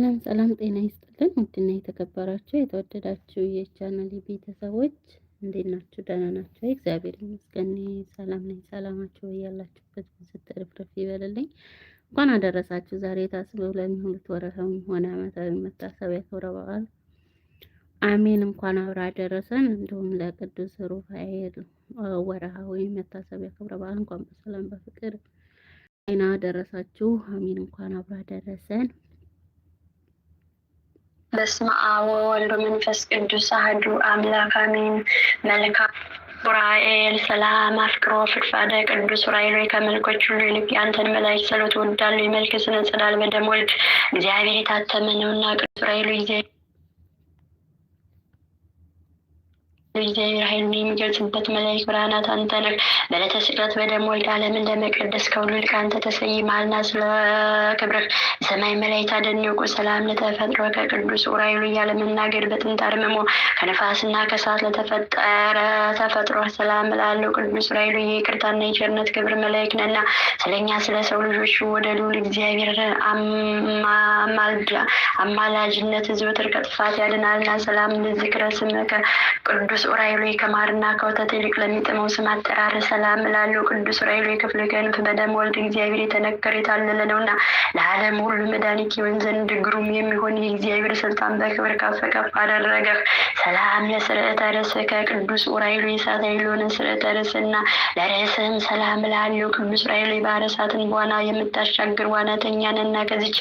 ሰላም ሰላም፣ ጤና ይስጥልን ውድና የተከበራችሁ የተወደዳችሁ የቻናል ቤተሰቦች እንዴት ናችሁ? ደህና ናችሁ? እግዚአብሔር ይመስገን ሰላም ነኝ። ሰላማችሁ እያላችሁበት ስትርፍርፍ ይበልልኝ። እንኳን አደረሳችሁ። ዛሬ ታስበው ለሚሆኑት ወርሃዊ ሆነ ዓመታዊ መታሰቢያ ክብረ በዓል አሜን። እንኳን አብረ አደረሰን። እንዲሁም ለቅዱስ ሩፋኤል ወርሃዊ መታሰቢያ ክብረ በዓል እንኳን በሰላም በፍቅር ጤና አደረሳችሁ። አሜን። እንኳን አብረ አደረሰን። በስመ አብ ወወልድ መንፈስ ቅዱስ አህዱ አምላክ አሜን። መልካም ዑራኤል ሰላም አፍቅሮ ፍድፋደ ቅዱስ ዑራኤል ወይ ከመልኮች ሁሉ ይልቅ የአንተን መላእክት ጸሎት እወዳለሁ። የመልክ ስነ ጽላል በደም ወልድ እግዚአብሔር የታተመ ነውና ቅዱስ ዑራኤል የእግዚአብሔር ኃይሉን የሚገልጽበት መላእክ ብርሃናት አንተ ነህ። በዕለተ ስቅለት በደም ወልድ ዓለምን ለመቀደስ ከሁሉ ይልቅ አንተ ተሰይመሃልና ስለ ክብርህ የሰማይ መላእክት አደነቁ። ሰላም ለተፈጥሮ ከቅዱስ ዑራኤል እያለ መናገር በጥንት አርምሞ ከነፋስና ከእሳት ለተፈጠረ ተፈጥሮ ሰላም ላለው ቅዱስ ዑራኤል የይቅርታና የቸርነት ክብር መላእክ ነና ስለኛ ስለ ሰው ልጆች ወደ ልዑል እግዚአብሔር አማላጅነት ዘወትር ከጥፋት ያድናልና። ሰላም ለዝክረ ስምከ ቅዱስ ዑራኤል ሆይ ከማርና ከወተት ይልቅ ለሚጥመው ስም አጠራር ሰላም እላለሁ። ቅዱስ ዑራኤል ሆይ ክፍል ክንፍ በደም ወልድ እግዚአብሔር የተነከረ የታለለ ነውና ለዓለም ሁሉ መድኃኒት ይሆን ዘንድ ግሩም የሚሆን የእግዚአብሔር ስልጣን በክብር ከፍ ከፍ አደረገህ። ሰላም ለስርዕተ ርእስከ ከቅዱስ ዑራኤል ሆይ እሳት ያለሆነ ስርዕተ ርእስና ለርእስህም ሰላም እላለሁ። ቅዱስ ዑራኤል ሆይ ባሕረ እሳትን በዋና የምታሻግር ዋናተኛንና ከዚች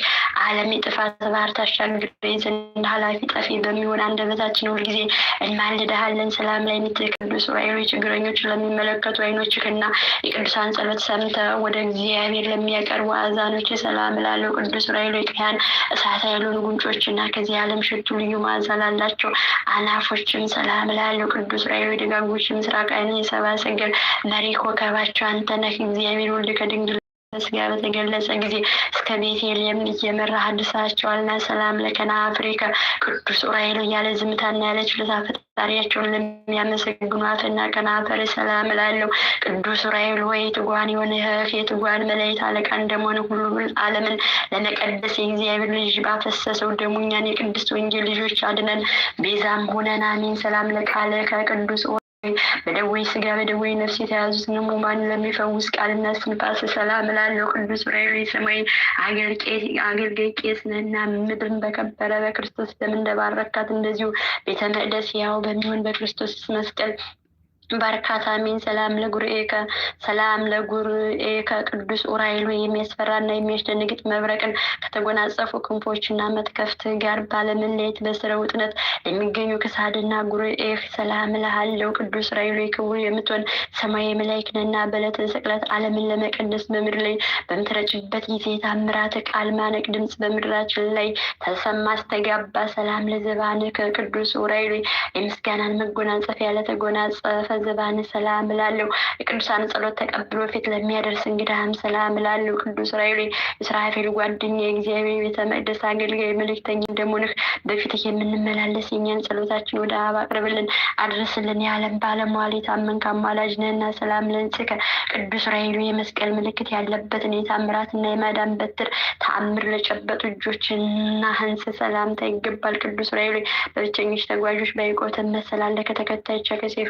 ዓለም የጥፋት ባህር ታሻግር ዘንድ ኃላፊ ጠፊ በሚሆን አንደበታችን ሁልጊዜ እንማልድሃለን። ዓለም ሰላም ላይ የምትል ቅዱስ ዑራኤል ችግረኞች ለሚመለከቱ አይኖችህና የቅዱሳን ጸሎት ሰምተ ወደ እግዚአብሔር ለሚያቀርቡ አዛኖች ሰላም ላለው ቅዱስ ራይሎ ቅያን እሳት ያሉን ጉንጮች እና ከዚህ ዓለም ሽቱ ልዩ ማዛ ላላቸው አናፎችም ሰላም ላለው ቅዱስ ራይሎ ደጋጎች ምስራቃዊ የሰባ ሰገል መሪ ኮከባቸው አንተነህ እግዚአብሔር ወልድ ከድንግል በስጋ በተገለጸ ጊዜ እስከ ቤቴልሔም እየመራህ አድርሳቸዋልና ሰላም ለከና አፍሪካ ቅዱስ ዑራኤል እያለ ዝምታና ያለ ችሎታ ፈጣሪያቸውን ለሚያመሰግኗትና ከናፈር ሰላም ላለው ቅዱስ ዑራኤል ወይ ትጓን የሆነ ህፍ የትጓን መለየት አለቃ እንደመሆነ ሁሉን ዓለምን ለመቀደስ የእግዚአብሔር ልጅ ባፈሰሰው ደሙኛን እኛን የቅድስት ወንጌል ልጆች አድነን ቤዛም ሆነን አሜን። ሰላም ለቃለ ከቅዱስ በደዌ ስጋ በደዌ ነፍስ የተያዙትን ሕሙማን ለሚፈውስ ቃልና ስንፋስ ሰላም እላለሁ። ቅዱስ ዑራኤል የሰማይ አገልጋይ ቄስ ነህና ምድርን በከበረ በክርስቶስ ደም እንደባረካት እንደዚሁ ቤተ መቅደስ ያው በሚሆን በክርስቶስ መስቀል በርካታ ሚን ሰላም ለጉርኤከ ሰላም ለጉርኤከ ቅዱስ ኡራኤል ሆይ የሚያስፈራና የሚያስደንግጥ መብረቅን ከተጎናጸፉ ክንፎችና መትከፍት ጋር ባለመለየት በስረ ውጥነት ለሚገኙ ክሳድና ጉርኤህ ሰላም ለሃለው ቅዱስ ኡራኤል ሆይ ክቡር የምትሆን ሰማያዊ መላእክት በለት በዕለተ ስቅለት ዓለምን ለመቀደስ በምድር ላይ በምትረጭበት ጊዜ ታምራት ቃል ማነቅ ድምፅ በምድራችን ላይ ተሰማ አስተጋባ። ሰላም ለዘባንከ ቅዱስ ኡራኤል ሆይ የምስጋናን መጎናጸፍ ያለተጎናጸፈ ዘባን ሰላም እላለሁ። የቅዱሳን ጸሎት ተቀብሎ ፊት ለሚያደርስ እንግዳህም ሰላም እላለሁ። ቅዱስ ራይሉ እስራኤል ጓደኛ፣ የእግዚአብሔር ቤተ መቅደስ አገልጋይ፣ መልእክተኛ እንደመሆንህ በፊትህ የምንመላለስ የኛን ጸሎታችን ወደ አብ አቅርብልን፣ አድርስልን። የዓለም ባለሟል የታመንክ አማላጅ ነህና ሰላም ለንጽከ ቅዱስ ራይሉ የመስቀል ምልክት ያለበትን የታምራትና የማዳን በትር ተአምር ለጨበጡ እጆችና ህንስ ሰላምታ ይገባል። ቅዱስ ራይሉ በብቸኞች ተጓዦች በይቆት መሰላለ ከተከታዮች ከሴፍ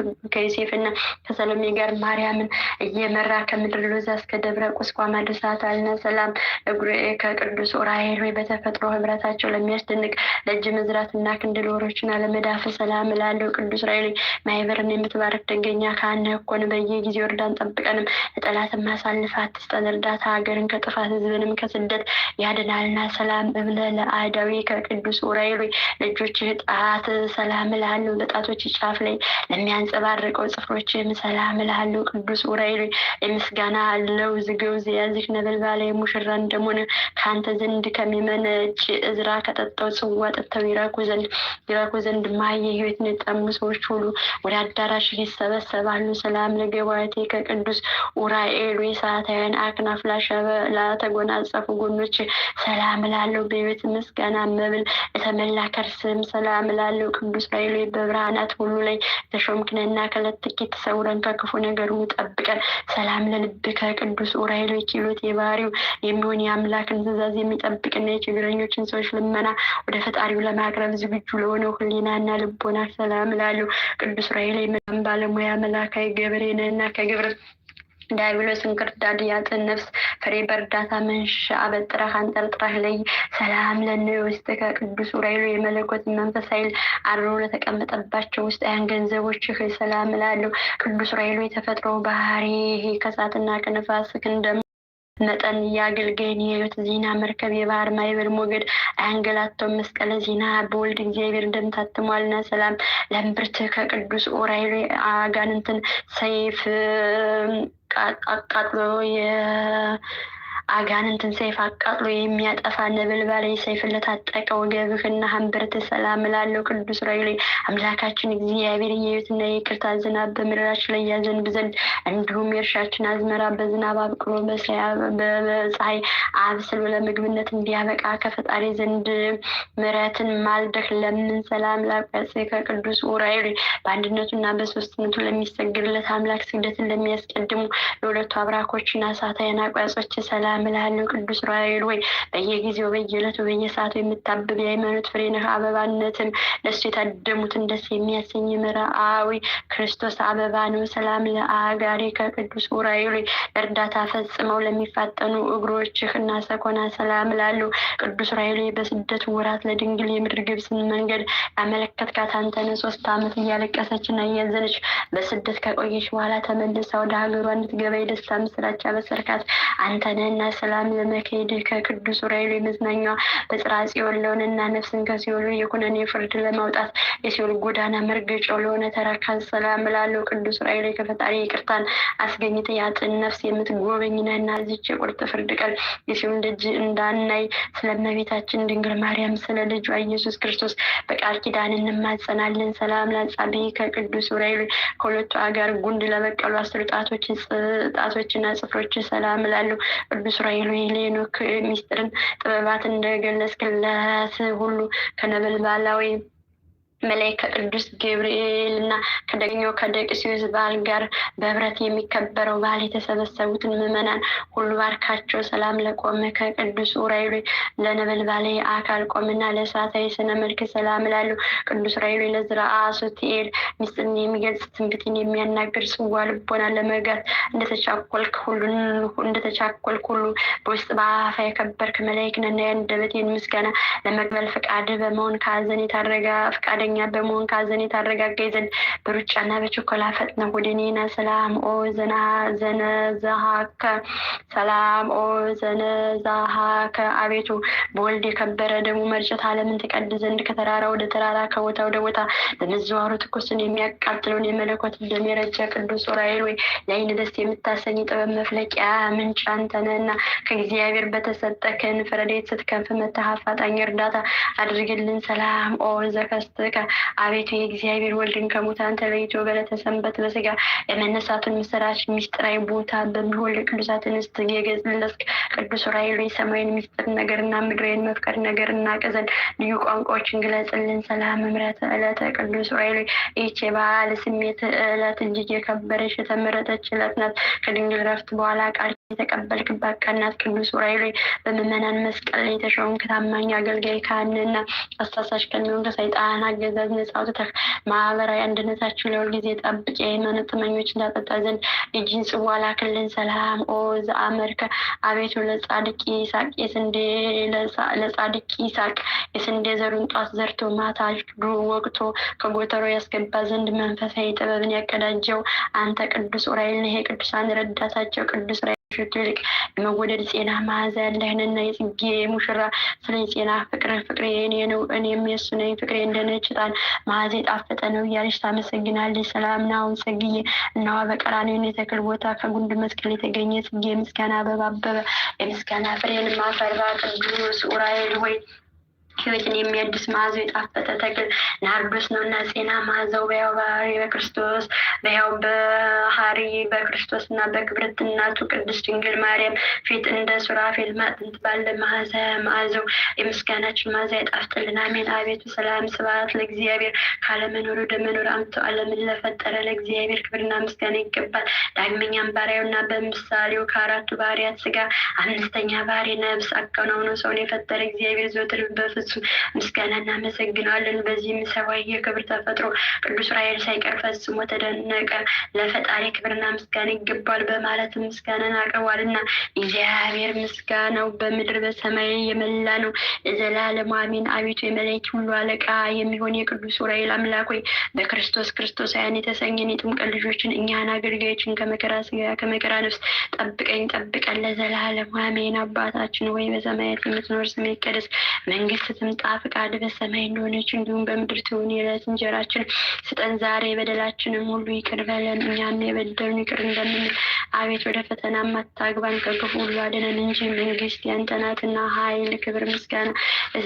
ዮሴፍና ከሰሎሜ ጋር ማርያምን እየመራ ከምድር ሎዛ እስከ ደብረ ቁስቋም አድርሳታልና ሰላም እግሩ ከቅዱስ ዑራኤል ወይ በተፈጥሮ ህብረታቸው ለሚያስደንቅ ለእጅ መዝራት እና ክንድ ለወሮችና ለመዳፈ ሰላም ላለው ቅዱስ ዑራኤል ማይበርን የምትባረክ ደንገኛ ከአነ እኮን በየጊዜው ወርዳን ጠብቀንም ለጠላትም ማሳልፋት ትስጠን እርዳታ ሀገርን ከጥፋት ህዝብንም ከስደት ያድናልና ሰላም እብለ ለአዳዊ ከቅዱስ ዑራኤል ልጆች ጣት ሰላም ላለው በጣቶች ጫፍ ላይ ለሚያንጸባርቀው ጽፍሮች ሰላም እልሃለሁ ቅዱስ ዑራኤል የምስጋና አለው ዝገውዝ የያዝሽ ነበልባለ ሙሽራ እንደሆነ ከአንተ ዘንድ ከሚመነጭ እዝራ ከጠጠው ጽዋ ጠጥተው ይራኩ ዘንድ ይራኩ ዘንድ ማየ ህይወት የጠሙ ሰዎች ሁሉ ወደ አዳራሽ ይሰበሰባሉ። ሰላም ለገባቴ ከቅዱስ ዑራኤል ሰዓታውያን አክናፍ ላተጎናጸፉ ጎኖች ሰላም እላለሁ። በህይወት ምስጋና መብል የተመላ ከርስም ሰላም እላለሁ። ቅዱስ ዑራኤል በብርሃናት ሁሉ ላይ ተሾምክነና ከለ ከትኬት ሰውረን ከክፉ ነገር ጠብቀን ሰላም ለልብከ ቅዱስ ኡራኤል ችሎት የባህሪው የሚሆን የአምላክን ትእዛዝ የሚጠብቅና የችግረኞችን ሰዎች ልመና ወደ ፈጣሪው ለማቅረብ ዝግጁ ለሆነው ህሊናና ልቦና ሰላም ላለው ቅዱስ ኡራኤል ባለሙያ መላካዊ ገብሬ ነህና ከግብር ዲያብሎስን ክርዳድ ያጥን ነፍስ ፍሬ በእርዳታ መንሻ አበጥረህ አንጠልጥረህ ለይ ሰላም ለነ ውስጥከ ቅዱስ ዑራኤል የመለኮት መንፈስ ኃይል አድሮ ለተቀመጠባቸው ውስጥ ያን ገንዘቦችህ ሰላም እላለሁ። ቅዱስ ዑራኤል የተፈጥሮ ባህሪ ከእሳትና ከነፋስ ክንደም መጠን የአገልጋይን የሕይወት ዜና መርከብ የባህር ማይበር ሞገድ አያንገላተው መስቀለ ዜና በወልድ እግዚአብሔር እንደምታትሟልና ሰላም ለምብርት ከቅዱስ ዑራኤል አጋንንትን ሰይፍ አቃጥሎ አጋንንትን ሰይፍ አቃጥሎ የሚያጠፋ ነበልባላዊ ሰይፍ ለታጠቀ ወገብህና ሀንበርት ሰላም ላለው ቅዱስ ዑራኤል አምላካችን እግዚአብሔር የዩትና የቅርታ ዝናብ በምድራችን ላይ ያዘንብ ዘንድ እንዲሁም የእርሻችን አዝመራ በዝናብ አብቅሎ በፀሐይ አብስሎ ለምግብነት እንዲያበቃ ከፈጣሪ ዘንድ ምረትን ማልደህ ለምን ሰላም ላቀጽ ከቅዱስ ዑራኤል በአንድነቱና በሶስትነቱ ለሚሰግድለት አምላክ ስግደትን ለሚያስቀድሙ ለሁለቱ አብራኮችና ሳታይና ቋጾች ሰላም እምልሃለሁ ቅዱስ ዑራኤል ወይ በየጊዜው በየዕለቱ በየሰዓቱ የምታብብ የሃይማኖት ፍሬ ነህ። አበባነትም ለእሱ የታደሙትን ደስ የሚያሰኝ መርአዊ ክርስቶስ አበባ ነው። ሰላም ለአጋሪ ከቅዱስ ዑራኤል ወይ እርዳታ ፈጽመው ለሚፋጠኑ እግሮችህ እና ሰኮና ሰላም ላሉ ቅዱስ ዑራኤል በስደት ወራት ለድንግል የምድር ግብፅን መንገድ ያመለከትካት አንተን ሶስት ዓመት እያለቀሰች እና እያዘነች በስደት ከቆየች በኋላ ተመልሳ ወደ ሀገሯ እንድትገባ የደስታ ምስራች አበሰርካት አንተንህና ሰላም ለመካሄድ ከቅዱስ ዑራኤል የመዝናኛ በጽራ ጽዮን ለሆነና ነፍስን ከሲኦል የኩነኔ ፍርድ ለማውጣት የሲኦል ጎዳና መርገጫው ለሆነ ተረካዝ ሰላም እላለሁ። ቅዱስ ዑራኤል ከፈጣሪ ይቅርታን አስገኝተ ያጥን ነፍስ የምትጎበኝ ነህና እዚች የቁርጥ ፍርድ ቀን የሲኦል ደጅ እንዳናይ ስለመቤታችን ድንግል ማርያም ስለ ልጇ ኢየሱስ ክርስቶስ በቃል ኪዳን እንማጸናለን። ሰላም ላጻቢ ከቅዱስ ዑራኤል ከሁለቱ አጋር ጉንድ ለበቀሉ አስር ጣቶችና ጽፍሮች ሰላም እላለሁ። ቅዱስ ሱራኤል ሆይ ለሄኖክ ሚስጥርን ጥበባትን እንደገለጽክለት ሁሉ ከነበልባላዊ መላእክት ከቅዱስ ገብርኤል እና ከደግኞ ከደቅሲዩስ በዓል ጋር በህብረት የሚከበረው በዓል የተሰበሰቡትን ምዕመናን ሁሉ ባርካቸው። ሰላም ለቆመ ከቅዱስ ዑራኤል ለነበልባለ አካል ቆምና ለእሳታዊ ስነ መልክ ሰላም ላሉ ቅዱስ ዑራኤል ለዝርአ ሶትኤል ምስጢርን የሚገልጽ ትንቢትን የሚያናግር ጽዋ ልቦና ለመጋት እንደተቻኮልክ ሁሉ እንደተቻኮልክ ሁሉ በውስጥ በአፋ የከበርክ መላእክት ነና የአንደበቴን ምስጋና ለመቅበል ፈቃድ በመሆን ከአዘን የታረጋ ፈቃደ ቸረኛ በመሆን ካዘን የታረጋጋይ ዘንድ በሩጫና በችኮላ ፈጥነ ወደኔና ሰላም ኦ ዘና ዘነዛሃከ ሰላም ኦ ዛሃከ አቤቱ በወልድ የከበረ ደሙ መርጨት ዓለምን ትቀድ ዘንድ ከተራራ ወደ ተራራ ከቦታ ወደ ቦታ በመዘዋሩ ትኩስን የሚያቃጥለውን የመለኮት እንደሚረጨ ቅዱስ ዑራኤል ወይ ለአይን ደስ የምታሰኝ ጥበብ መፍለቂያ ምንጭ አንተነህና ከእግዚአብሔር በተሰጠ ክንፍ ረድኤት ስትከንፍ መተህ እርዳታ አድርግልን። ሰላም ኦ ዘከስትከ አቤቱ የእግዚአብሔር ወልድን ከሙታን ተለይቶ በለተሰንበት በስጋ የመነሳቱን ምስራች ሚስጥራዊ ቦታ በሚሆን ቅዱሳትን እንስት የገለጽክ ቅዱስ ራይሎ የሰማይን ሚስጥር ነገርና ምድሬን መፍቀድ ነገር እናቀዘን ልዩ ቋንቋዎችን ግለጽልን። ሰላም ምሕረት ዕለተ ቅዱስ ራይሎ ይች የበዓል ስሜት ዕለት እጅግ የከበረች የተመረጠች ዕለት ናት። ከድንግል ረፍት በኋላ ቃል የተቀበልክባት ከእናት ቅዱስ ራይሎ በምዕመናን መስቀል የተሾምክ ታማኝ አገልጋይ ካህንና አሳሳች ከሚሆን ከሰይጣን አገ አገዛዝ አውጥተህ ማህበራዊ አንድነታችን ለሁል ጊዜ ጠብቅ። የሃይማኖት ጥመኞች እንዳጠጣ ዘንድ እጅን ጽዋ ላክልን። ሰላም ኦ ዘአመድከ አቤቱ ለጻድቅ ይስሐቅ የስንዴ ለጻድቅ ይስሐቅ የስንዴ ዘሩን ጧት ዘርቶ ማታ ዱ ወቅቶ ከጎተሮ ያስገባ ዘንድ መንፈሳዊ ጥበብን ያቀዳጀው አንተ ቅዱስ ዑራኤል ነህ። የቅዱሳን ረዳታቸው ቅዱስ ሽድልቅ የመወደድ ጤና መዓዛ ያለህንና የጽጌ ሙሽራ ስለ ጤና ፍቅር ፍቅሬ የኔ ነው እኔም የሱ ነኝ ፍቅሬ እንደ ነጭ መዓዛ የጣፈጠ ነው እያለች ታመሰግናለች። ሰላም ናሁን ጽጌ እነዋ በቀራንዮ የተክል ቦታ ከጉንድ መስቀል የተገኘ ጽጌ ምስጋና አበባ አበበ የምስጋና ፍሬንም አፈራ ቅዱስ ዑራኤል ሆይ ህይወትን የሚያድስ መዓዛው የጣፈጠ ተክል ናርዶስ ነው እና ዜና መዓዛው በያው ባህሪ በክርስቶስ በያው ባህሪ በክርስቶስ እና በክብርት እናቱ ቅድስት ድንግል ማርያም ፊት እንደ ሱራፌል ማጥንት ባለ መዓዛ መዓዛው የምስጋናችን መዓዛ ይጣፍጥልን። አሜን። አቤቱ ሰላም ስብሐት ለእግዚአብሔር ካለመኖሩ ወደ መኖር አምጥቶ ዓለምን ለፈጠረ ለእግዚአብሔር ክብርና ምስጋና ይገባል። ዳግመኛም ባሪያውና በምሳሌው ከአራቱ ባህሪያት ስጋ አምስተኛ ባህሪ ነብስ አከናውኖ ሰውን የፈጠረ እግዚአብሔር ዘወትር በፍጹም እሱን ምስጋና እናመሰግናለን። በዚህም ሰማይ የክብር ተፈጥሮ ቅዱስ ዑራኤል ሳይቀር ፈጽሞ ተደነቀ። ለፈጣሪ ክብርና ምስጋና ይገባል በማለት ምስጋናን አቅርቧልና እግዚአብሔር ምስጋናው በምድር በሰማይ የመላ ነው ዘላለም አሜን። አቤቱ የመላእክት ሁሉ አለቃ የሚሆን የቅዱስ ዑራኤል አምላክ ሆይ በክርስቶስ ክርስቶሳውያን የተሰኘን የጥምቀት ልጆችን እኛን አገልጋዮችን ከመከራ ስጋ ከመከራ ነፍስ ጠብቀኝ ጠብቀን ለዘላለም አሜን። አባታችን ወይ በሰማያት የምትኖር ስምህ ይቀደስ መንግስት የእውነትን ቃል በሰማይ እንደሆነች እንዲሁም በምድር ትሁን። የዕለት እንጀራችን ስጠን ዛሬ፣ በደላችንም ሁሉ ይቅር በለን እኛን የበደሉን ይቅር እንደምንል፣ አቤት ወደ ፈተና አታግባን ከክፉ ሁሉ አድነን እንጂ መንግስት ያንተ ናትና፣ ኃይል፣ ክብር፣ ምስጋና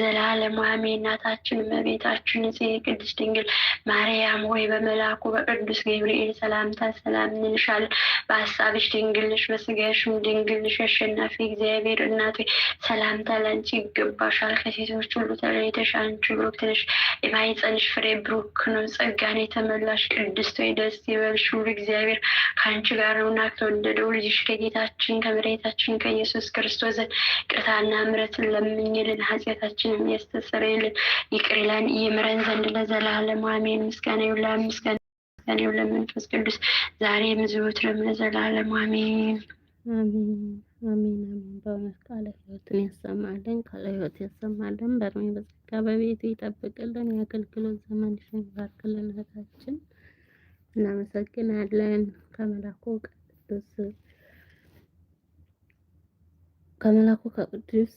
ዘላለሙ አሜን። እናታችን እመቤታችን ቅድስት ድንግል ማርያም ሆይ በመልአኩ በቅዱስ ገብርኤል ሰላምታ ሰላም እንልሻለን። በሀሳብሽ ድንግልሽ በስጋሽም ድንግልሽ አሸናፊ እግዚአብሔር እናቴ ሰላምታ ላንቺ ይገባሻል ከሴቶቹ ሁሉ ተለይተሽ አንቺ ብሩክ ትንሽ የማይጸንሽ ፍሬ ብሩክ ነው። ጸጋን የተመላሽ ቅድስት ወይ ደስ ይበልሽ ሁሉ እግዚአብሔር ከአንቺ ጋር ነውና ከተወደደው ልጅሽ ከጌታችን ከመድኃኒታችን ከኢየሱስ ክርስቶስ ቅርታና ምሕረትን ለምኝልን ኃጢአታችንን የሚያስተሰርይልን ይቅር ይለን ይምረን ዘንድ ለዘላለም አሜን። ምስጋና ይሁን ለአብ፣ ምስጋና ይሁን ለመንፈስ ቅዱስ ዛሬም ዘወትርም ለዘላለም አሜን። አሜን አሜን። በእውነት ቃለ ሕይወትን ያሰማልን፣ ቃለ ሕይወት ያሰማልን፣ በእድሜ በጸጋ በቤቱ ይጠብቅልን፣ የአገልግሎት ዘመንሽን ይባርክልን። እህታችን እናመሰግናለን። ከመላኩ ቅዱስ ከመላኩ ከቅዱስ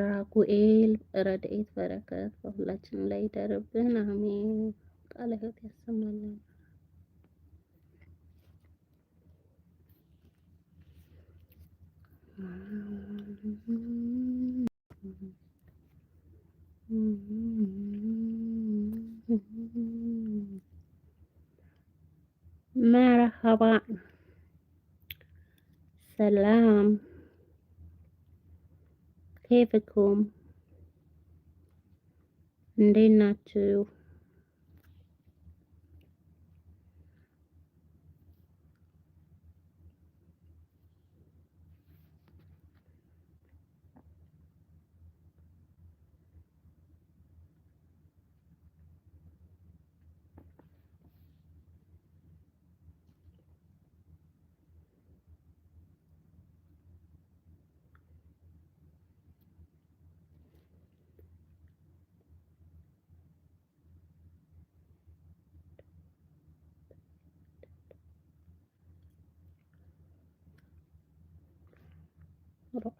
ራጉኤል ረድኤት በረከት በሁላችንም ላይ ይደርብን። አሜን። ቃለ ሕይወት ያሰማልን። Merhaba. Selam. Keyfikum. Ndina ほど。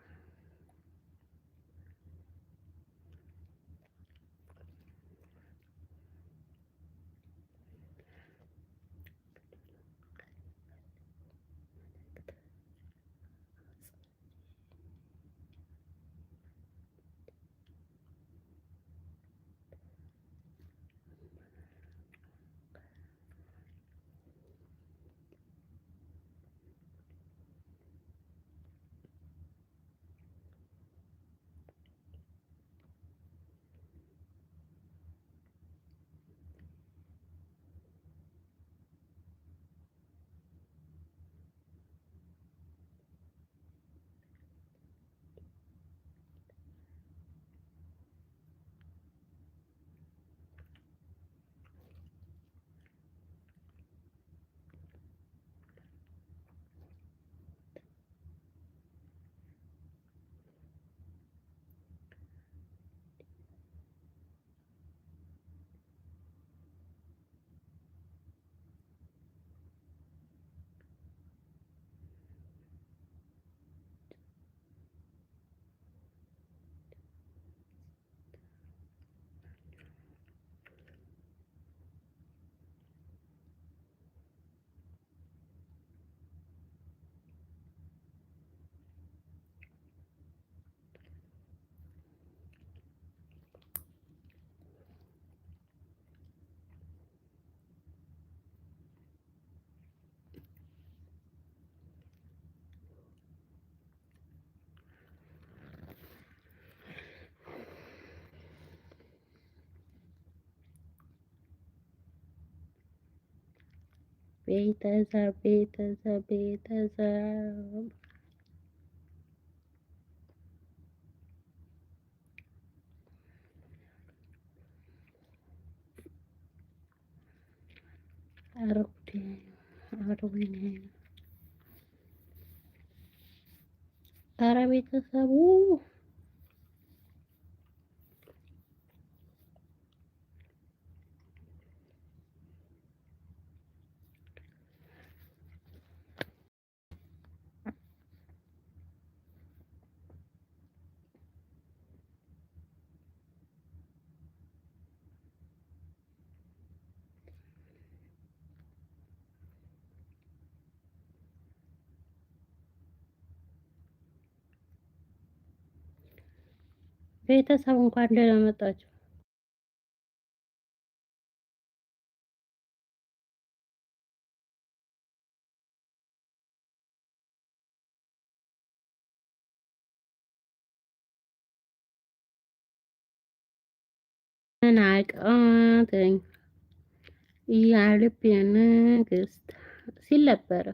ቤተሰብ ቤተሰብ ቤተሰብ አረ ቤተሰቡ ቤተሰብ እንኳን ደህና መጣችሁ። ምን አቃተኝ ያ ልቤ ንግስት ሲል ነበረ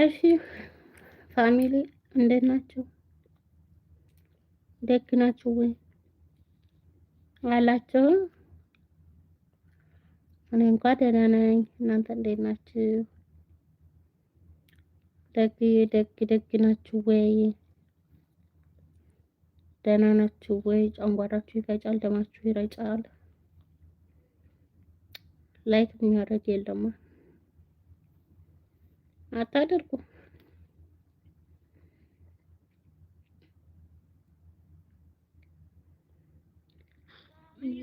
እሺ ፋሚሊ እንዴት ናችሁ? ደግ ናችሁ ወይ አላችሁ? እኔ እንኳ ደህና ነኝ። እናንተ እንዴት ናችሁ? ደግ ደግ ደግ ናችሁ ወይ ደህና ናችሁ ወይ? ጨንጓራችሁ ይፈጫል፣ ደማችሁ ይረጫል። ላይክ የሚያደርግ የለማ አታደርጉ።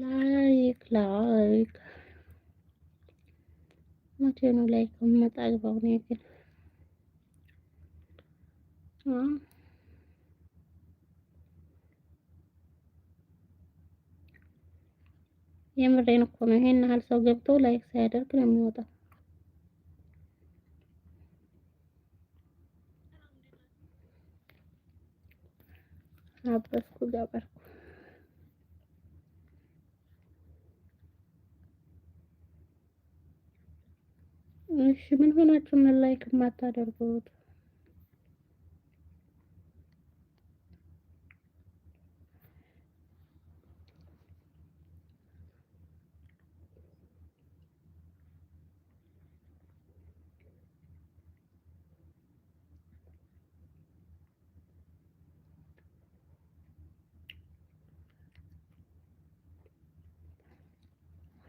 ላይክ ላይክ መቼ ነው ላይክ መጣ? አግባብ ነው ያገል የምሬን እኮ ነው። ይሄን ያህል ሰው ገብቶ ላይክ ሳያደርግ ነው የሚወጣው። አበስኩ ገበርኩ። እሺ ምን ሆናችሁ ነው ላይክ የማታደርጉት?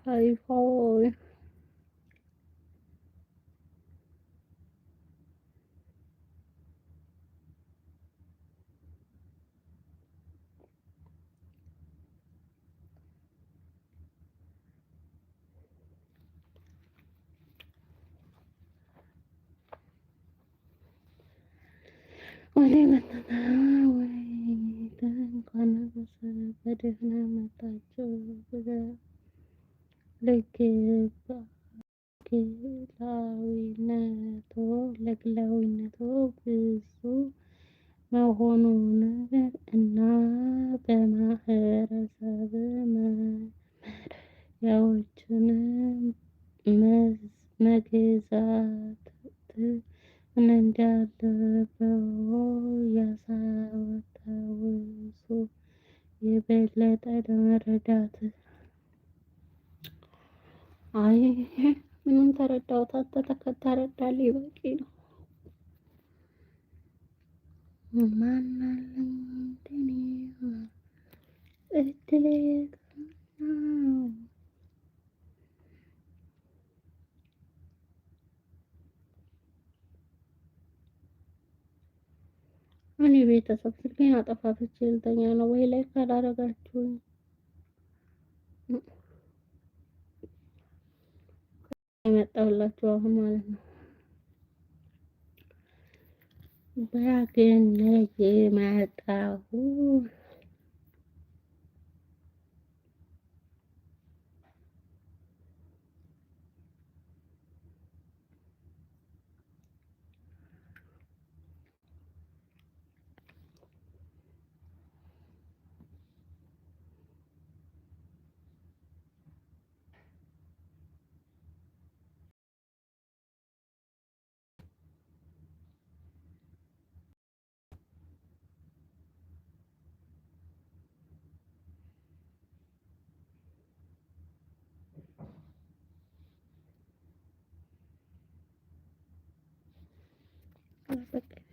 thầy cô ơi Oleh matana oleh tangan kanan pada nama tajul pada ለግላዊነቶ ለግላዊነቶ ብዙ መሆኑን እና በማህበረሰብ መመሪያዎችን መግዛት እንዳለበው ያሳታውሱ የበለጠ ለመረዳት አይ ምንም ተረዳሁት። አንተ ተረዳለህ፣ ነው። ማናለኝ እንደኔ እኔ ቤተሰብ ስልኬን አጠፋፍቼ ልተኛ ነው ወይ ላይ ካላረጋችሁ የመጣሁላችሁ አሁን ማለት ነው። በያ ግን መጣሁ። Bak.